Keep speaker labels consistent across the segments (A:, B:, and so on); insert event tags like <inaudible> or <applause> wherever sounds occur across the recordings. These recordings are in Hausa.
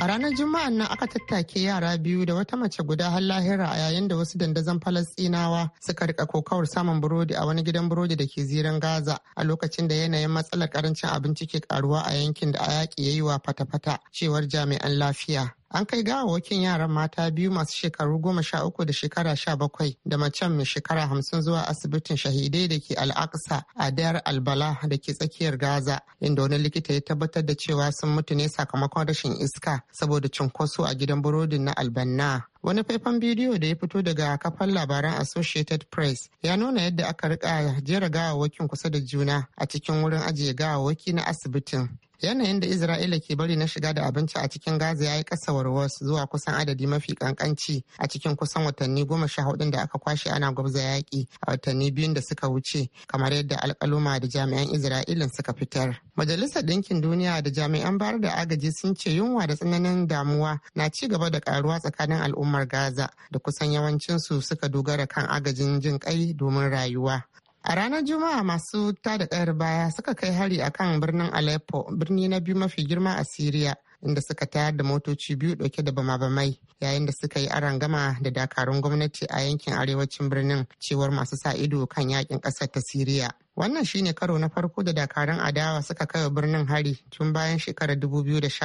A: A ranar Juma'an nan aka tattake yara biyu da wata mace guda har lahira a yayin da wasu dandazon Falasɗinawa suka rika kokawar samun burodi a wani gidan burodi da ke ziran Gaza a lokacin da yanayin matsalar karancin abinci ke karuwa a yankin da a yaƙi ya yi wa fata-fata cewar jami'an lafiya. an kai gawawakin yaran mata biyu masu shekaru goma sha uku da shekara sha bakwai da macen mai shekara hamsin zuwa asibitin shahidai da ke al'aqsa a dayar albala da ke tsakiyar gaza inda wani likita ya tabbatar da cewa sun mutu ne sakamakon rashin iska saboda cunkoso a gidan burodin na albanna wani faifan bidiyo da ya fito daga kafan labaran associated press ya nuna yadda aka riƙa jera gawawakin kusa da juna a cikin wurin ajiye gawawaki na asibitin Yanayin da Isra'ila ke bari na shiga da abinci a cikin Gaza ya yi ƙasa warwas zuwa kusan adadi mafi kankanci a cikin kusan watanni goma sha hudun da aka kwashe ana gwabza yaƙi a watanni biyun da suka wuce kamar yadda alkaluma da jami'an Isra'ila suka fitar. Majalisar Ɗinkin Duniya da jami'an bayar da agaji sun ce yunwa da tsananin damuwa na ci gaba da karuwa tsakanin al'ummar Gaza da kusan yawancinsu suka dogara kan agajin jin kai domin rayuwa. A ranar Juma'a masu tada kayar baya suka kai hari akan birnin Aleppo, birni na biyu mafi girma a Siriya, inda suka tayar da motoci biyu dauke da bama-bamai yayin da suka yi gama da dakarun gwamnati a yankin arewacin birnin cewar masu sa ido kan yakin kasar ta siriya wannan shine karo na farko da dakarun adawa suka kai birnin hari tun bayan shekarar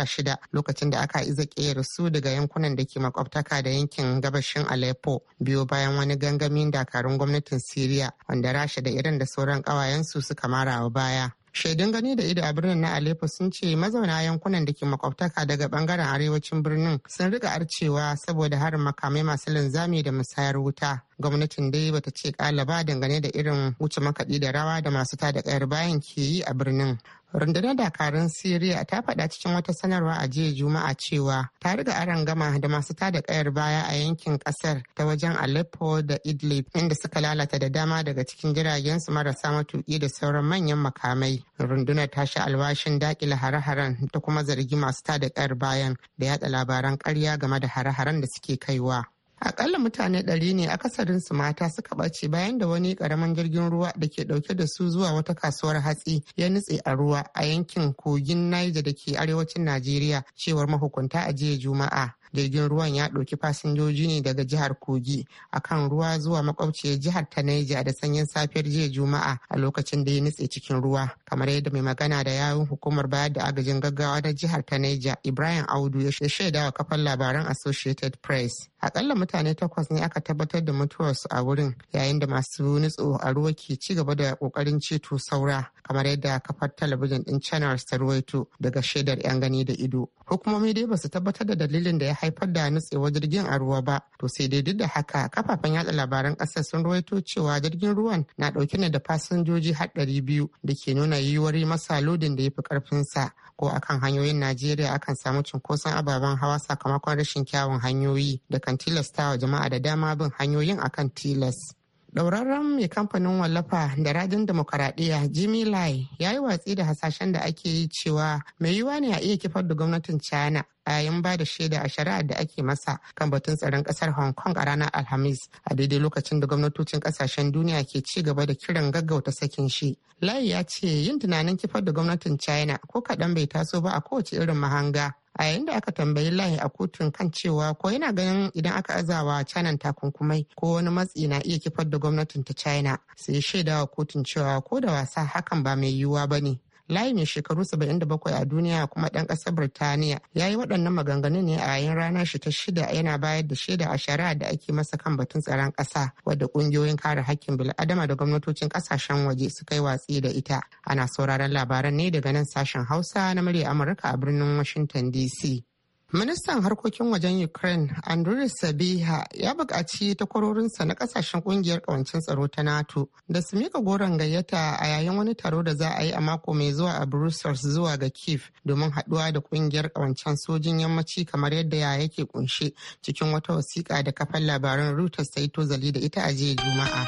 A: shida lokacin da aka iza kera su daga yankunan da ke makwabtaka da yankin gabashin aleppo biyo bayan wani gangamin dakarun gwamnatin siriya wanda rasha da irin da sauran kawayensu suka marawa baya Shaidun gani da ido a birnin na Aleppo sun ce mazauna yankunan da ke makwabtaka daga bangaren arewacin birnin sun riga arcewa saboda harin makamai masu linzami da musayar wuta. Gwamnatin dai bata ce kalaba dangane da irin wuce makaɗi da rawa da masu tada kayar bayan ke yi a birnin. rundunar dakarun siriya ta faɗa cikin wata sanarwa a jiya juma'a cewa ta riga aron gama da masu tada kayar baya a yankin kasar ta wajen aleppo da idlib inda suka lalata da dama daga cikin jiragen su marasa matuƙi da sauran manyan makamai rundunar ta sha alwashin dakile hare-haren ta kuma zargi masu tada kayar bayan da yada labaran ƙarya game da hare-haren da suke kaiwa akalla mutane ɗari ne su mata suka ɓace bayan da wani ƙaramin jirgin ruwa da ke ɗauke da su zuwa wata kasuwar hatsi ya nutse a ruwa a yankin kogin Niger da ke arewacin Najeriya cewar mahukunta a jiya Juma'a. jirgin ruwan ya ɗauki fasinjoji ne daga jihar kogi akan ruwa zuwa makwabciyar jihar ta naija da sanyin safiyar jiya juma'a a lokacin da ya nutse cikin ruwa kamar yadda mai magana da yawun hukumar bayar da agajin gaggawa na jihar ta naija ibrahim audu ya shaida wa kafan labaran associated press akalla mutane takwas ne aka tabbatar da mutuwarsu a wurin yayin da masu nutso a ruwa ke ci gaba da kokarin ceto saura kamar yadda kafar talabijin din channels ta ruwaito daga shaidar yan gani da ido hukumomi dai ba su tabbatar da dalilin da ya haifar da nutsewar jirgin a ruwa ba to sai dai duk da haka kafafen yada labaran ƙasar sun rawaito cewa jirgin ruwan na dauke ne da fasinjoji har ɗari biyu da ke nuna yiwuwar masa lodin da ya fi ƙarfinsa ko akan hanyoyin najeriya akan samu cunkoson ababen hawa sakamakon rashin kyawun hanyoyi da kan tilastawa jama'a da dama bin hanyoyin akan tilas dauraron mai kamfanin wallafa da rajin demokaradiyya Jimmy Lai ya yi watsi da hasashen da ake yi cewa mai yiwuwa ne a iya kifar da gwamnatin China a yayin ba da shaida a shari'ar da ake masa kan batun tsaron kasar hong kong a ranar alhamis a daidai lokacin da gwamnatocin kasashen duniya ke ci gaba da kiran gaggauta sakin shi layi ya ce yin tunanin kifar da gwamnatin china ko kaɗan bai taso ba a kowace irin mahanga a yayin da aka tambayi layi a kotun kan cewa ko yana ganin idan aka azawa canan takunkumai ko wani matsi na iya kifar da gwamnatin ta china sai shaidawa kotun cewa ko da wasa hakan ba mai yiwuwa ba ne layi mai shekaru 77 a duniya kuma dan ƙasar birtaniya ya yi waɗannan maganganu ne a yayin ranar shi ta shida yana bayar da shaida a shari'a da ake masa kan batun tsaron ƙasa wadda ƙungiyoyin kare hakkin bil'adama da gwamnatocin ƙasashen waje suka yi watsi da ita ana sauraron labaran ne daga nan sashen hausa na murya amurka a birnin washington dc Ministan harkokin wajen Ukraine, Andriy Sabiha, ya buƙaci takwarorinsa na ƙasashen ƙungiyar ƙawancin tsaro ta NATO da su mika goron gayyata a yayin wani taro da za a yi a mako mai zuwa a Brussels zuwa ga Kiev domin haɗuwa da ƙungiyar ƙawancen sojin yammaci kamar yadda ya yake kunshe cikin wata wasiƙa da kafan labaran Reuters ta yi tozali da ita a jiya Juma'a.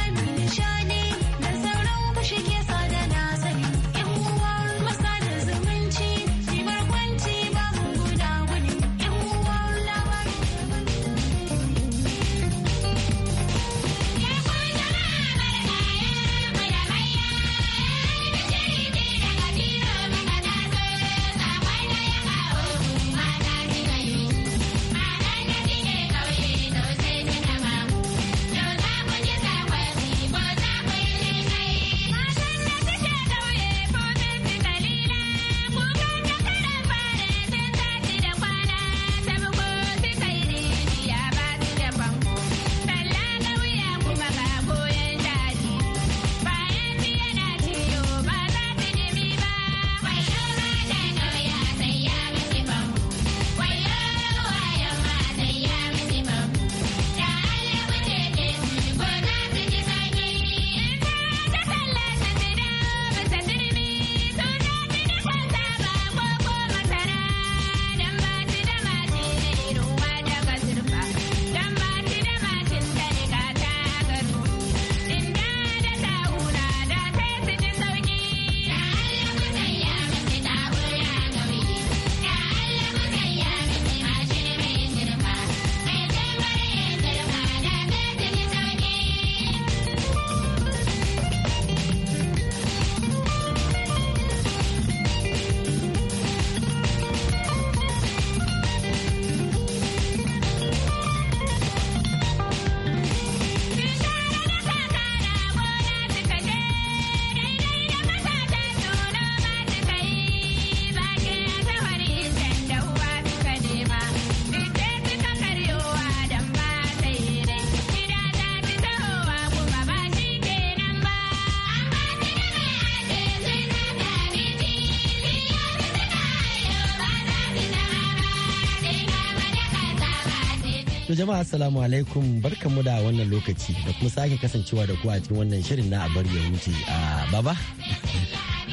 B: To jama'a assalamu alaikum barkanmu da wannan lokaci da kuma sake kasancewa da ku a cikin wannan shirin na a bar ya wuce a ah, baba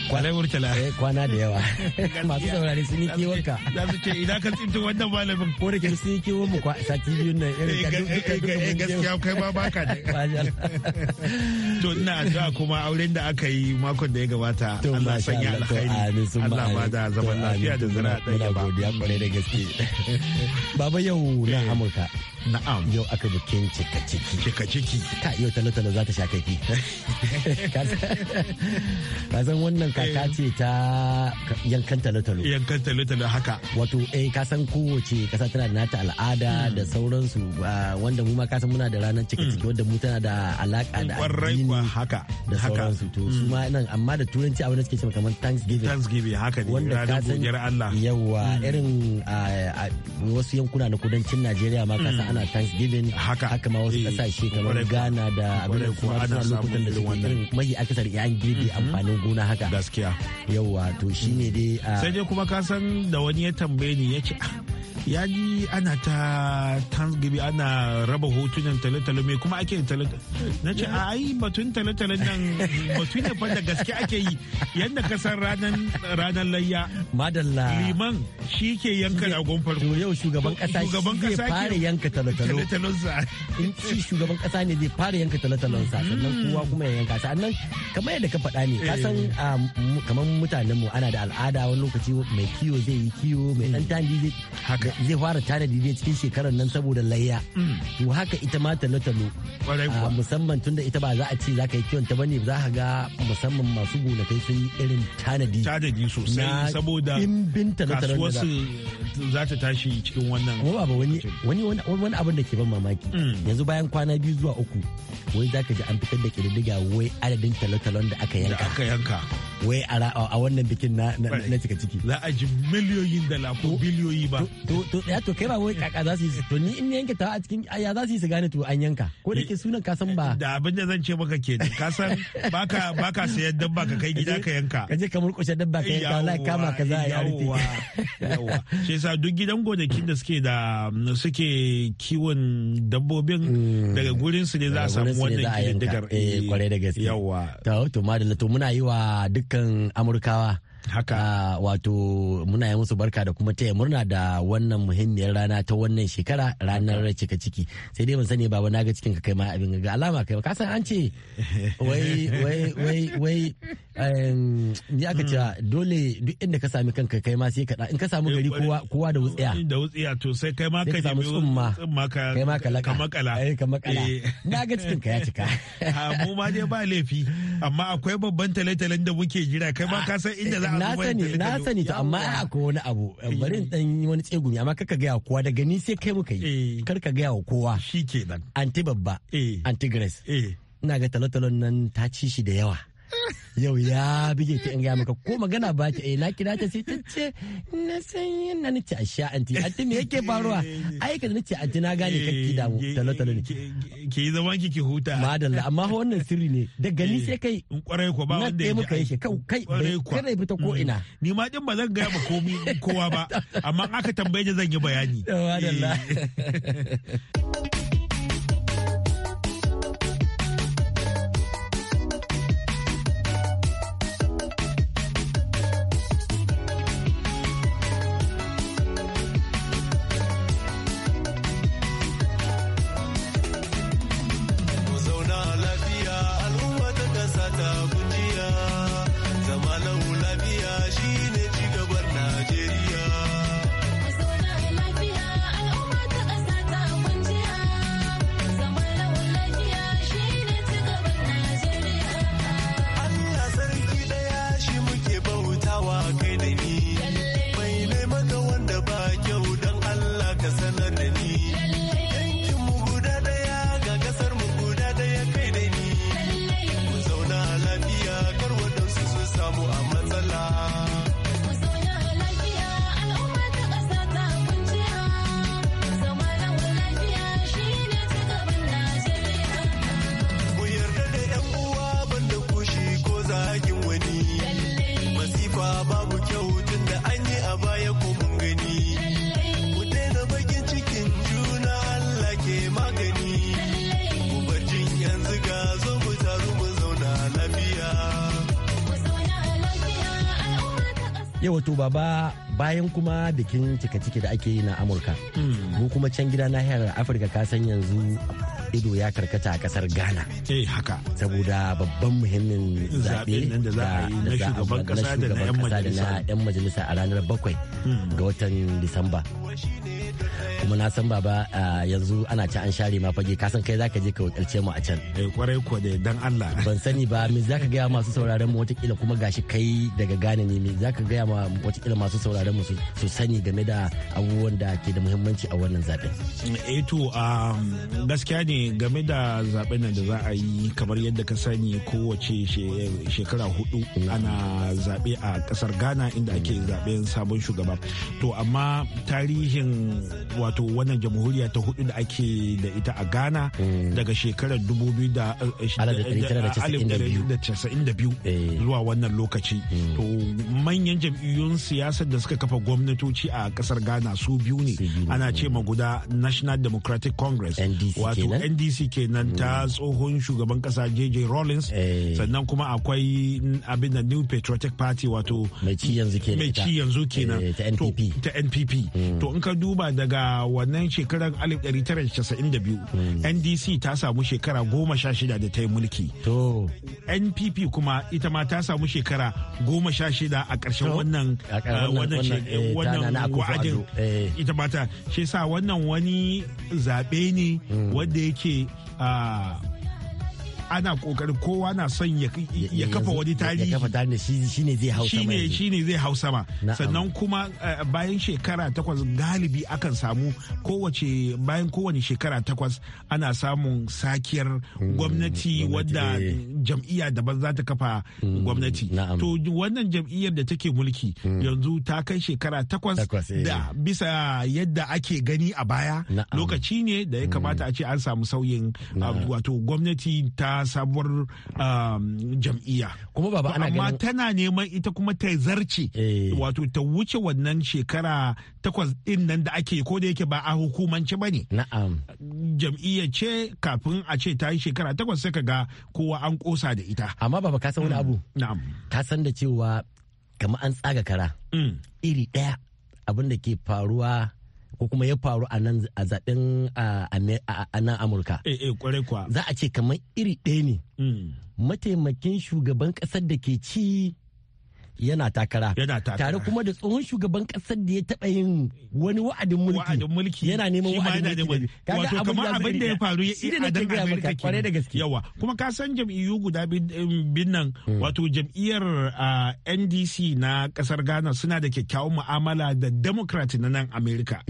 B: kwana wurtala eh, kwana da yawa
C: masu saurari sun yi ka. za su ce idan ka tsinto wannan malamin ko da ke sun yi kiwon mu
B: sati biyun nan irin eh, ka eh, gaskiya kai ma baka da <laughs> <laughs>
C: to ina addu'a kuma auren da aka yi makon da ya gabata Allah sanya alkhairi Allah ma da zaman lafiya da zira da
B: yaba godiya kware da gaske
D: <laughs>
B: baba yau na Amurka na'am yau aka bikin cika ciki cika ciki ta yau talotalo za ta sha kai ka san wannan kaka ce ta yankan talotalo yankan talo haka wato eh ka san kowace kasa tana da nata al'ada hmm. da sauransu wanda mu ma ka san muna da ranar cika ciki hmm. wanda mu tana da alaka da addini haka da sauransu to su hmm. ma nan amma da turanci abin da suke cewa kamar thanksgiving thanksgiving
C: haka ne wanda ka san Allah yawa
B: irin wasu yankuna na kudancin Najeriya ma ka san ana thanksgiving haka ma wasu kasashe eh, kamar Ghana da abin da kuma suna lokutan da suke irin mai akasar yayin girbi amfanin gona haka gaskiya yauwa to shine dai ah, sai
C: dai kuma ka san da wani ya tambaye ni yake ya ji ana ta thanksgiving ana raba hotunan talotalo mai kuma ake tale na ce a ai batun talotalo nan batu ne da gaske ake yi yadda kasar ranar ranar layya madalla liman shi ke yanka ragon farko yau shugaban kasa shugaban kasa ke fara yanka talotalo
B: sa in ci shugaban kasa ne zai fara yanka tale sa sannan hmm. kowa kuma ya yanka sannan kamar yadda ka faɗa ne ka san eh. ah, kamar mutanen mu ana da al'ada wani lokaci mai kiwo zai yi kiwo mai dan tandi zai zai fara tanadi dai cikin shekarar nan saboda layya hmm. to haka ita ma talo-talo ah, musamman tunda ita ba za a ce za ka yi kiwon ta bane za ka ga musamman masu kai sun yi irin tanadi tanadi sosai saboda dimbin talo-talo da za ta tashi cikin wannan wani wani wani abin da ke ban mamaki hmm. yanzu bayan kwana biyu zuwa uku wai za ka ji an fitar da kididdiga wai adadin talo-talon da aka yanka wai a wannan bikin na cika ciki za a ji miliyoyin dala ko biliyoyi ba to ya to kai ba wai kaka za su yi to ni in yanke ta a cikin ya za su yi su gane to an yanka ko da ke sunan ka san ba da abin da zan
C: ce maka ke ka san baka baka sayan dabba ka kai gida ka yanka ka je ka murƙushe dabba ka yanka wallahi kama ka za a yi yawa shi yasa duk gidan gonakin da suke da
B: suke kiwon dabbobin mm. daga gurin su ne za a samu wannan kididdigar eh, kwarai da gaske yawa to to madalla to muna yi wa duk dukkan amurkawa haka ah, wato muna yi musu barka da kuma taya murna da wannan muhimmiyar rana ta wannan shekara ranar cika ciki sai dai ban sani baba na ga cikin ka kai ma abin ga alama kai ka san an ce <laughs> wai wai wai wai ni aka ce hmm. dole duk inda ka sami kanka kai ma sai ka in ka samu gari kowa kowa da wutsiya
C: da wutsiya to sai kai ma ka samu tsumma kai ma ka laka kai ka makala eh, eh. na ga cikin ka ya cika <laughs> ah, mu ma dai ba laifi amma akwai babban tale da muke jira kai ma ka san inda za a na sani na
B: sani to amma a ko wani abu eh. bari in dan wani tsegumi amma kaka gaya kowa daga ni sai kai muka yi eh. kar ka gaya wa kowa shikenan anti babba eh. anti grace ina ga talotalon nan ta ci shi da yawa <laughs> yau ya bige ta in ga maka ko magana ba ta eh na kira ta sai ta ce na san yana nace a sha anti anti me yake faruwa ai ka nace anti na gane ki damu talo talo ne ki yi zaman ki ki huta madalla amma wannan sirri ne da gani eh, sai kai kwarai ko ba wanda ya muka yi shi kai kai kada fita ko mm. ina
C: ni ma din ba zan ga ba komi kowa ba <laughs> amma aka tambaye zan yi bayani madalla
D: eh. <laughs>
B: wato baba bayan kuma bikin cika-ciki da ake yi na amurka hmm. mu kuma can gida nahiyar afirka ka san yanzu ido ya karkata a kasar ghana eh, saboda babban muhimmin zaɓe na shugaban kasa da na 'yan majalisa a ranar bakwai hmm. ga watan disamba kuma na san baba yanzu ana ci an share ma fage kasan kai zaka je ka wakilce mu a can
C: eh kwarai ko da
B: dan Allah ban sani ba me zaka gaya masu sauraron mu watakila kuma gashi kai daga gane ne me zaka gaya ma watakila masu sauraron mu su sani game da abubuwan da ke da muhimmanci a wannan
D: zaben
C: eh to um, gaskiya ne game da zaben nan da za a yi kamar yadda ka sani kowace shekara hudu ana zabe a kasar Ghana inda ake zaben sabon shugaba to amma tarihin wato wato wannan jamhuriya ta hudu da ake da ita a ghana mm. daga shekarar 1992 eh, eh, eh. zuwa wannan lokaci mm. to manyan jam'iyyun siyasar da suka kafa gwamnatoci a kasar ghana su biyu ne ana ce ma guda national democratic congress wato ndc kenan ta mm. tsohon shugaban kasa jj rollins sannan kuma akwai abin da new patriotic party wato mai ci yanzu kenan ta npp to in ka duba daga wannan shekarar 1992 hmm. ndc ta samu shekara goma sha shida da ta yi mulki npp kuma ita ma ta samu shekara goma sha shida a ƙarshen wannan ah, eh, wa'adin eh. ita ma ta shi sa wannan wani zaɓe ne hmm. wanda yake ah, ana kokarin kowa na son ya kafa wani tarihi ya kafa zai hau sama sannan kuma eh, bayan shekara takwas galibi akan samu kowace bayan kowane shekara takwas ana samun sakiyar hmm, gwamnati wadda eh. jam'iyya daban za ta kafa hmm, gwamnati to wannan jam'iyyar da take mulki hmm. yanzu ta kai shekara takwas eh. da bisa yadda ake gani a baya lokaci ne da ya kamata a ce an samu sauyin ah, wato gwamnati ta sabuwar um, jam'iyya kuma baba ana amma tana neman ita kuma ta zarce eh. wato ta wuce wannan shekara takwas din nan da ake ko da yake ba a hukumance ba ne na'am jam'iyya ce kafin a ce ta yi shekara takwas sai ka ga
B: kowa an kosa da ita amma baba ka san wani mm. abu na'am ka san da cewa kamar an tsaga kara mm. iri ɗaya abin da ke faruwa ko kuma ya faru a nan a zaben a nan amurka eh, eh, za a ce kamar iri ɗaya ne mm. mataimakin shugaban ƙasar da ke ci yana takara tare kuma da tsohon shugaban kasar da ya taba yin wani wa'adin mulki wa'adin yana neman wa'adin mulki wato kamar abin da ya faru ya yi a dan Amerika kwarai da gaske yawa
C: kuma ka san jam'iyyu guda bin um, nan hmm. wato jam'iyyar uh, NDC na kasar Ghana suna da kyakkyawan mu'amala da Democrat na nan amurka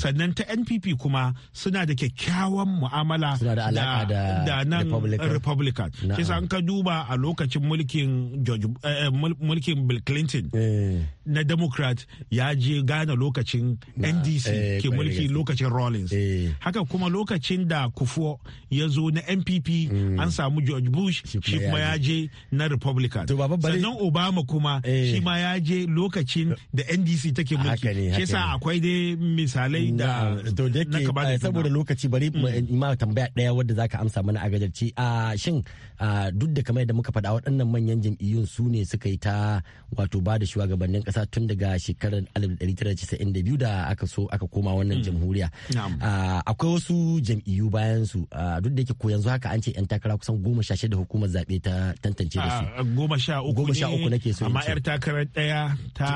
C: sannan ta NPP kuma suna da kyakkyawan mu'amala da da nan Republican kisa an ka duba a lokacin mulkin eh, eh, mulkin bill clinton eh. na democrat ya je gane lokacin ndc eh, ke mulki lokacin rawlings eh. haka kuma lokacin da kufuo ya zo na npp mm. an samu george bush shi kuma ya je na republican sannan obama kuma eh. shi ma ya je lokacin da ndc take mulki shi sa
B: akwai dai misalai da na da eh, saboda lokaci bari hmm. eh, ma tambaya daya wadda zaka amsa mana a gajarci a ah, shin ah, duk da kamar da muka faɗa waɗannan manyan jam'iyyun su ne suka yi ta wato ba da shugabannin kasa tun daga shekarar 1992 da aka so aka koma wannan hmm. jamhuriya ah, akwai wasu jam'iyyu bayan su ah, duk da yake ko yanzu haka an ce yan takara kusan goma sha shida hukumar zaɓe ta tantance da su ah,
C: goma sha uku goma sha uku nake so amma yar takarar ɗaya
B: ta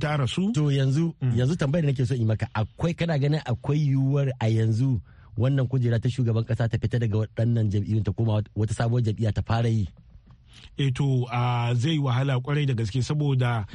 B: ta rasu to yanzu hmm. yanzu tambayar nake so in maka akwai kana ganin akwai yiwuwar a yanzu wannan kujera ta shugaban kasa ta fita daga waɗannan jam'iyyun ta koma wata sabuwar jam'iyya ta fara yi
C: eto eh zai wahala kwarai da gaske saboda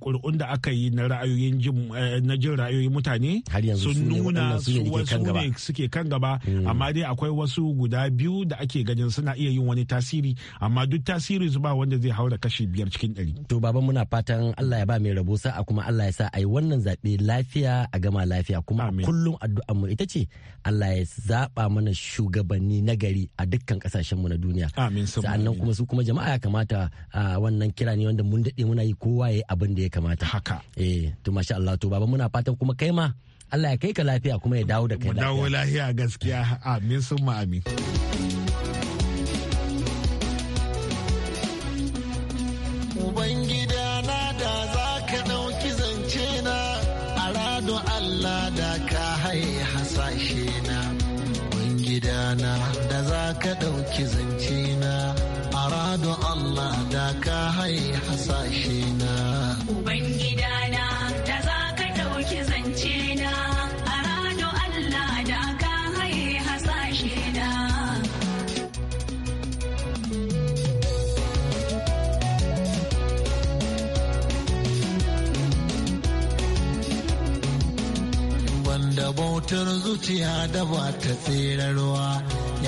C: ƙuri'un da aka yi na ra'ayoyin eh, na jin ra'ayoyin mutane sun nuna wasu ne suke kan gaba hmm. amma dai akwai wasu guda biyu da ake ganin suna iya yin wani
B: tasiri amma duk tasiri su ba wanda zai haura kashi biyar cikin ɗari. to baba muna fatan Allah ya ba mai rabo sa'a kuma Allah ya sa a yi wannan zaɓe lafiya a gama lafiya kuma kullum addua mu ita ce Allah ya zaɓa mana shugabanni na gari a dukkan ƙasashen mu na duniya. amin sannan kuma su kuma jama'a ya kamata a wannan kira ne wanda mun daɗe muna yi kowa ya abin da ya kamata haka eh to masha Allah to baba muna fatan kuma kai ma Allah ya kai ka lafiya kuma ya dawo da kai lafiya mu dawo lafiya gaskiya amin sun amin
E: yo Allah da ka hai hasashe na.
F: Ubangidana da za ka ɗauki zance na, a Allah da ka hai hasashe na.
E: Wanda bautar zuciya da ba ta tserarwa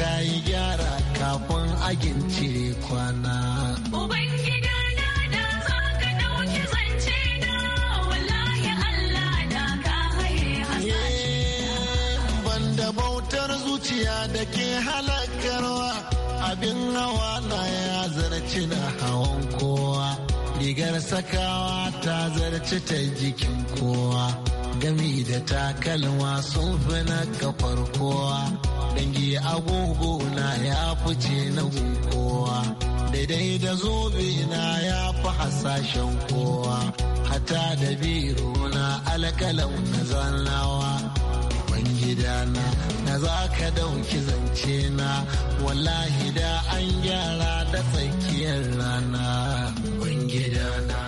E: ka yi gyara kafin agin cire kwana. Ubangida na da za ka ɗauki zance na
F: Allah da ka eh,
E: Banda bautar zuciya da ke halakarwa abin hawa na ya zarci na hawan kowa. Rigar sakawa ta zarci ta jikin kowa. Gami da takalma sun fi na kafar kowa. dangi agogo na ya fice na kowa daidai da zobe na ya fi hasashen kowa hata da biro na alkalau na zannawa gidana na za ka dauki zance na wallahi da an gyara da tsakiyar rana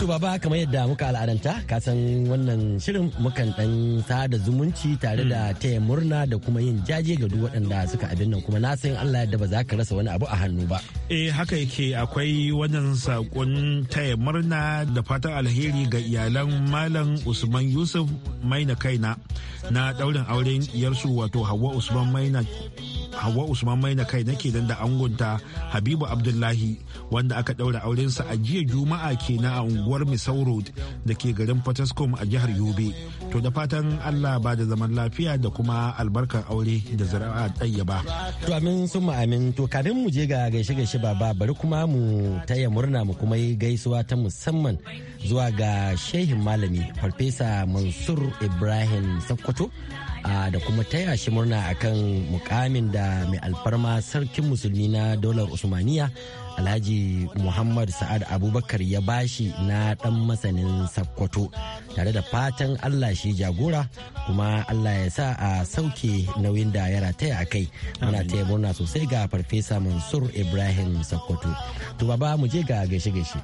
B: To baba kamar yadda muka al'adanta ka san wannan shirin mukan dan sada zumunci tare da hmm. taya murna da kuma yin jaje ga duk waɗanda suka abin nan kuma na san Allah yadda ba za ka rasa wani abu a hannu ba.
C: Eh haka yake akwai wannan sakon taya murna da fatan alheri ga iyalan Malam Usman Yusuf Maina Kaina na daurin auren iyarsu wato Hauwa Usman Maina hawa usman mai na kai nake dan da angunta habibu abdullahi wanda aka daura aurensa a jiya juma'a kenan a unguwar misau road da ke garin patascom a jihar yobe to da fatan allah ba da zaman lafiya da kuma albarkar
B: aure da zara'a ɗayyaba. to amin sun amin to kafin mu je ga gaishe gaishe baba bari kuma mu taya murna mu kuma yi gaisuwa ta musamman zuwa ga shehin malami farfesa mansur ibrahim sakkwato da kuma taya shi murna akan mukamin da mai alfarma sarkin musulmi na daular usmaniya alhaji muhammad sa'ad abubakar ya bashi na dan masanin sakkwato tare da fatan allah shi jagora kuma allah ya sa a sauke nauyin da ya rataya a kai muna taya murna sosai ga farfesa mansur ibrahim sakkwato to baba mu je ga gaishe-gaishe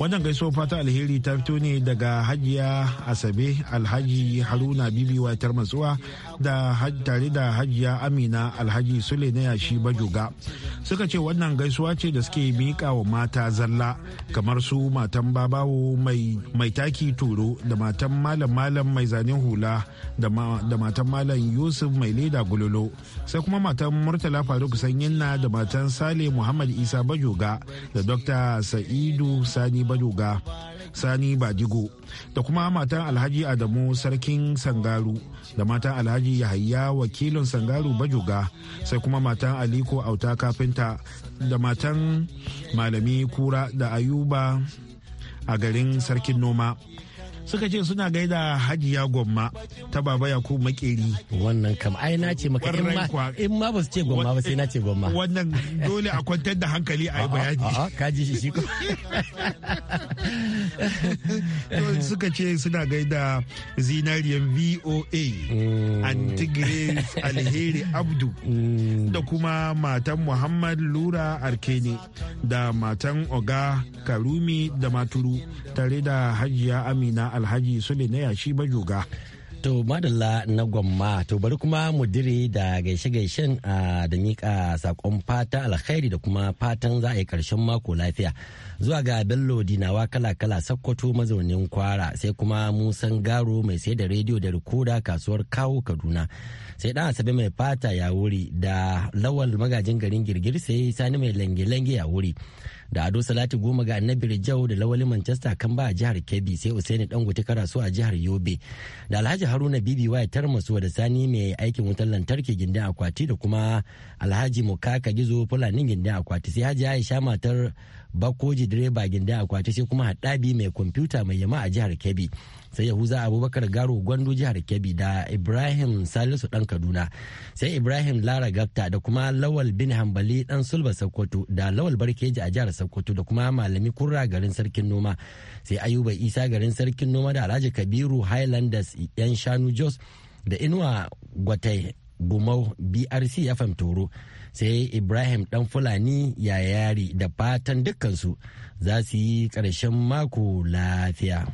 B: Wannan gaisuwar fata alheri ta fito ne daga
C: Hajiya Asabe Alhaji Haruna Bibi Watar Matsuwa da tare da Hajiya Amina Alhaji Sule na yashi Bajoga. Suka ce wannan gaisuwa ce da suke miƙa wa mata zalla kamar su matan babawo mai taki turo da matan malam malam mai zanen hula da matan malam Yusuf mai leda gulolo sai kuma matan Murtala Faruk Sanyinna da matan Sale Muhammad Isa Bajoga da Dr. Sa'idu sani baluga sani badigo da kuma matan alhaji adamu sarkin sangaru da matan alhaji yahaya wakilin sangaru bajoga sai kuma matan aliko auta kafinta da matan malami kura da ayuba a garin sarkin noma suka ce suna gaida hajiya gwamma ta baba yakubu makeri wannan kam ai
B: na ce maka in ma ba su ce gwamma ba sai na ce gwamma wannan dole a kwantar da hankali a yi bayani ka ji shi ko <laughs>
C: suka ce suna gaida zinariyan voa mm. antigres alheri abdu mm. da kuma matan muhammad lura arkeni da matan oga karumi da maturu tare da hajiya amina
B: na alhaji sule na yashi bajoga To madalla na gwamma to bari kuma mu dire da gaishe-gaishen a da miƙa sakon fata alkhairi da kuma fatan za a yi ƙarshen mako lafiya. Zuwa ga Bello Dinawa kala-kala Sakkwato mazaunin kwara sai kuma Musan Garo mai sai da rediyo da rikoda kasuwar kawo Kaduna. sai dan asabe mai fata ya wuri da lawal magajin garin girgir sai sani mai lange-lange ya wuri da ado salati goma ga annabi rijau da lawali manchester kan ba a jihar kebbi sai usaini dangote karasu a jihar yobe da alhaji haruna bibi waya tarmasuwa da sani mai aikin wutar lantarki gindin akwati da kuma alhaji mukaka gizo fulanin gindin akwati sai haji sha matar bakoji direba gindin akwati sai kuma haɗabi mai kwamfuta mai yama a jihar kebbi sai yahuza abubakar garo gwandu jihar kebbi da ibrahim salisu dan kaduna sai ibrahim lara gafta da kuma lawal bin hambali dan sulba sokoto da lawal barkeji a jihar sokoto da kuma malami kurra garin sarkin noma sai ayuba isa garin sarkin noma da alhaji kabiru highlanders yan shanu jos da inuwa gwatai gumau brc ya toro sai ibrahim dan fulani ya yari da fatan dukkansu za su yi ƙarshen mako lafiya.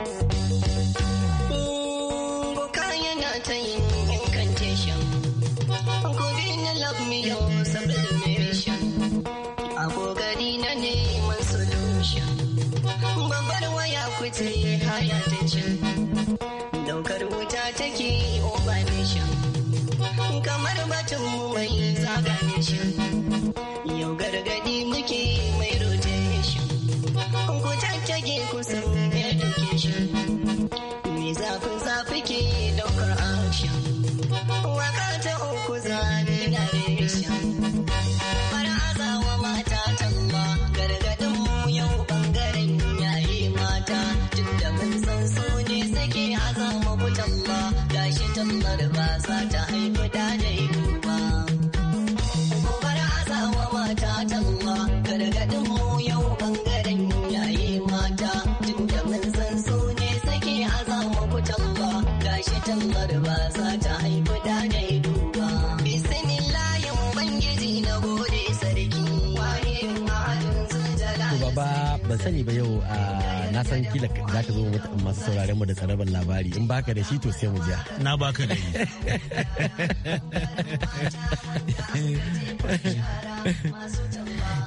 F: tangar ba za ta haifi da na duba. Bismillahin Ubangiji na gode sarki waye mahalin zujala.
B: Baba ban sani ba yau na san kila za ka zo masu sauraren mu da tsaraban labari in baka da shi to sai mu ja. Na baka da yi.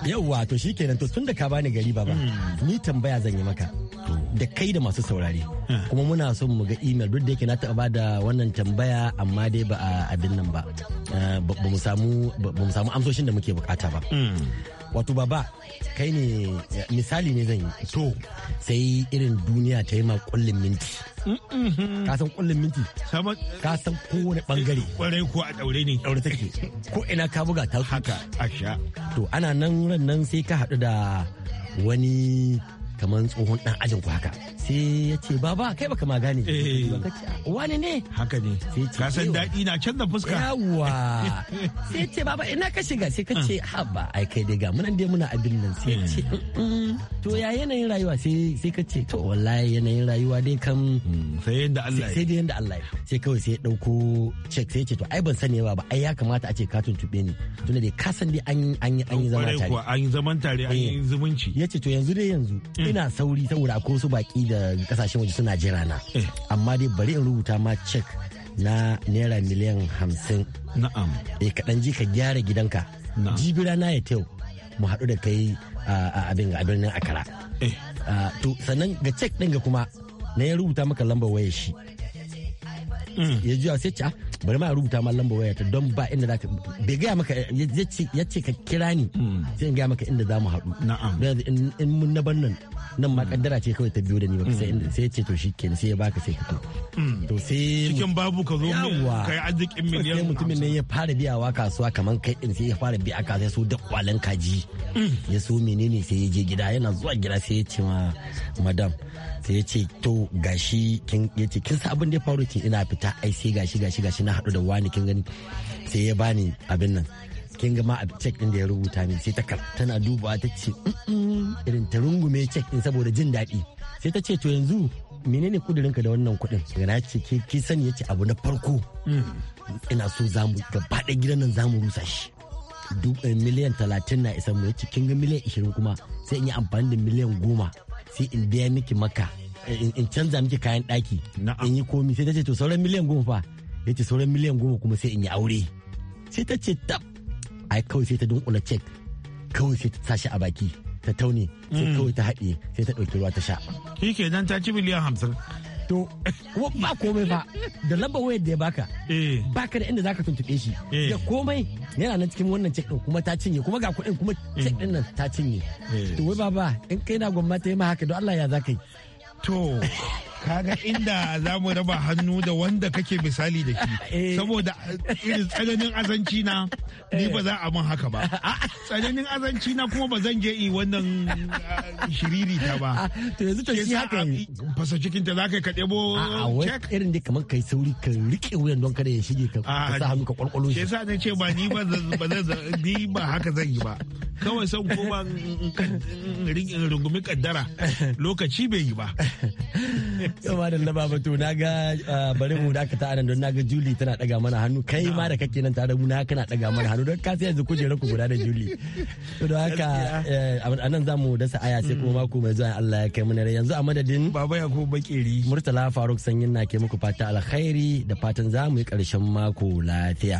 B: Yauwa to shikenan to tun da ka bani gari baba hmm. ni tambaya zan yi maka. da kai da masu saurare ah. kuma muna son mu ga email duk da yake na taɓa da wannan tambaya amma dai ba a abin nan ba ah, ba mu samu amsoshin da muke bukata ba hmm. wato baba kai ne misali ne zan yi to sai irin duniya ta yi ma kullum minti mm-hmm. ka san kullum minti ka san kowane bangare kwarai ko a daure ne daure take ko ina ka buga ta haka asha to ana nan ran nan sai ka haɗu da wani kamar tsohon dan ajin ku haka sai ya ce baba kai baka ma eh. wani ne haka ne ka san daɗi na canza fuska yawa <laughs> sai ce baba ina ka shiga sai ka ce hmm. ba ai kai dai ga munan dai muna abin nan sai ce hmm. to ya yanayin rayuwa sai ka ce to wallahi yanayin rayuwa dai kan hmm. sai yanda Allah sai dai yanda Allah sai kawai sai ya dauko check sai ce to ai ban sani ba ai ya kamata a ce ka tuntube ni tunda dai ka san dai an an an yi zaman tare an
C: yi zaman tare an yi
B: zumunci yace to yanzu dai yanzu ina sauri saboda akwai su baki da Eh, kasashen waje suna jira na eh. amma dai bari in rubuta ma cek na naira miliyan hamsin na'am e kaɗan ji ka gyara gidanka jibira na ya tew mu haɗu da kai a abin a birnin akara to sannan ga cek ɗin ga kuma na ya rubuta maka lambar wayar shi mm. ya a sai ah, bari ma rubuta ma lamba waya ta don ba inda za zaka bai gaya maka ya ce ka kira ni hmm. sai in gaya maka inda za mu haɗu in mun na nan nan ma hmm. kaddara ce kawai ta biyo da ni ba. sai hmm. inda sai ya ce to shi ke sai ya baka sai ka to sai cikin babu ka zo kai arzikin miliyan sai mutumin ne ya fara biyawa kasuwa kaman kai din sai ya fara biya kasuwa ya so da kwalan kaji ya so menene sai ya je gida yana zuwa gida sai ya ce ma madam sai ya ce to gashi kin ya ce kin abin da ya faru kin ina fita ai sai gashi gashi gashi na hadu da wani kin gani sai ya bani abin nan kin ga ma a cek din da ya rubuta min sai ta tana dubawa ta ce irin ta rungume cek din saboda jin daɗi sai ta ce to yanzu menene ka da wannan kuɗin na ce ki sani yace abu na farko mm. ina so zamu gaba da gidan nan za mu rusa shi eh, miliyan talatin na isa mu yace kin ga miliyan ishirin kuma sai in yi amfani da miliyan goma sai in biya miki maka eh, in canza miki kayan daki in yi komi sai ta ce to sauran miliyan goma fa ya ce sauran miliyan goma kuma sai in yi aure sai ta ce tab ai kawai sai ta dunkula cek kawai sai ta tashi a baki ta taune sai mm. kawai ta haɗe sai ta ɗauki ruwa ta sha. Shi ke ta ci miliyan hamsin. to kuma ba komai ba da lambar wayar da ya baka eh. baka da inda zaka tuntube shi da eh. komai yana nan cikin wannan cek kuma ta cinye kuma ga kuɗin kuma eh. cek nan ta cinye to wai baba in kai na gwamnati ma haka don Allah ya zaka yi to kaga
C: inda za mu raba hannu da wanda kake misali da ke eh. saboda tsananin azanci na ni ba za a mun haka ba tsananin azanci na kuma ba zan je yi wannan
B: ah, shiriri ta ba ah, to yanzu to shi haka
C: fasa cikin ta zaka ka debo check
B: irin da kamar kai sauri ka rike wuyan don kada ya shige ka ah, sa hannu ka kwalkwalo shi yasa
C: na ce ba ni ba zan ni ba haka zan yi ba kawai son in rungumi kaddara lokaci bai yi ba
B: <laughs> yawa da na ba to naga ah, bari mu dakata anan don naga Julie tana daga mana hannu kai ma da kake nan tare mu na kana daga mana hannu don ka sai yanzu kujerar ku guda da Julie to don haka anan eh, zamu dasa aya sai kuma mako mai zuwa Allah ya kai mu yanzu a madadin baba Yakubu Bakeri Murtala Faruk Sanyin na ke muku fata alkhairi da fatan zamu yi karshen mako lafiya.